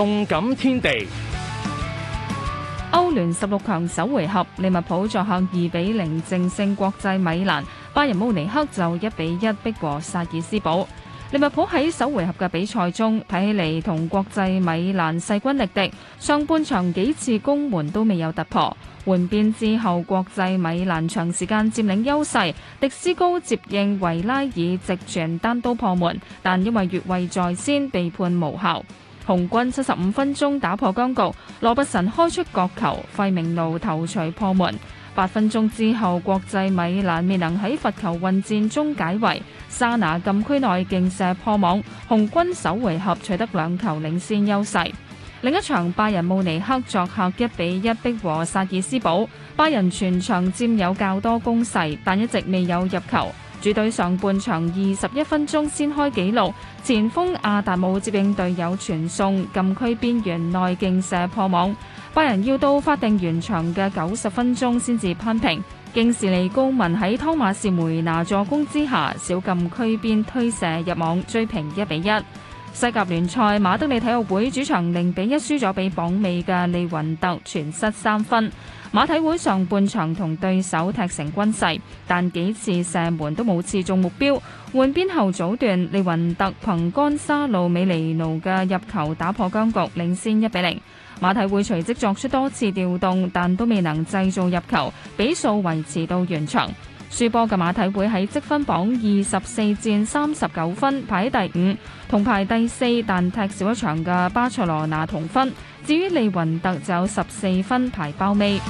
動感天地，歐聯十六強首回合，利物浦作客二比零淨勝國際米蘭。拜仁慕尼黑就一比一逼和薩爾斯堡。利物浦喺首回合嘅比賽中，睇起嚟同國際米蘭勢均力敵。上半場幾次攻門都未有突破，換邊之後，國際米蘭長時間佔領優勢。迪斯高接應維拉爾直傳單刀破門，但因為越位在先被判無效。紅軍七十五分鐘打破僵局，羅伯臣開出角球，費明奴頭槌破門。八分鐘之後，國際米蘭未能喺罰球混戰中解圍，沙拿禁區內勁射破網，紅軍首回合取得兩球領先優勢。另一場拜仁慕尼黑作客一比一逼和薩爾斯堡，拜仁全場佔有較多攻勢，但一直未有入球。主隊上半場二十一分鐘先開紀錄，前鋒阿達姆接應隊友傳送，禁區邊緣內勁射破網，拜仁要到法定完場嘅九十分鐘先至扳平。敬士利高文喺湯馬士梅拿助攻之下，小禁區邊推射入網追平一比一。西甲聯賽，馬德里體育會主場零比一輸咗俾榜尾嘅利雲特，全失三分。馬體會上半場同對手踢成均勢，但幾次射門都冇刺中目標。換邊後早段，利雲特憑干沙路美利奴嘅入球打破僵局，領先一比零。馬體會隨即作出多次調動，但都未能製造入球，比數維持到完場。輸波嘅馬體會喺積分榜二十四戰三十九分排第五，同排第四但踢少一場嘅巴塞羅那同分。至於利雲特就有十四分排包尾。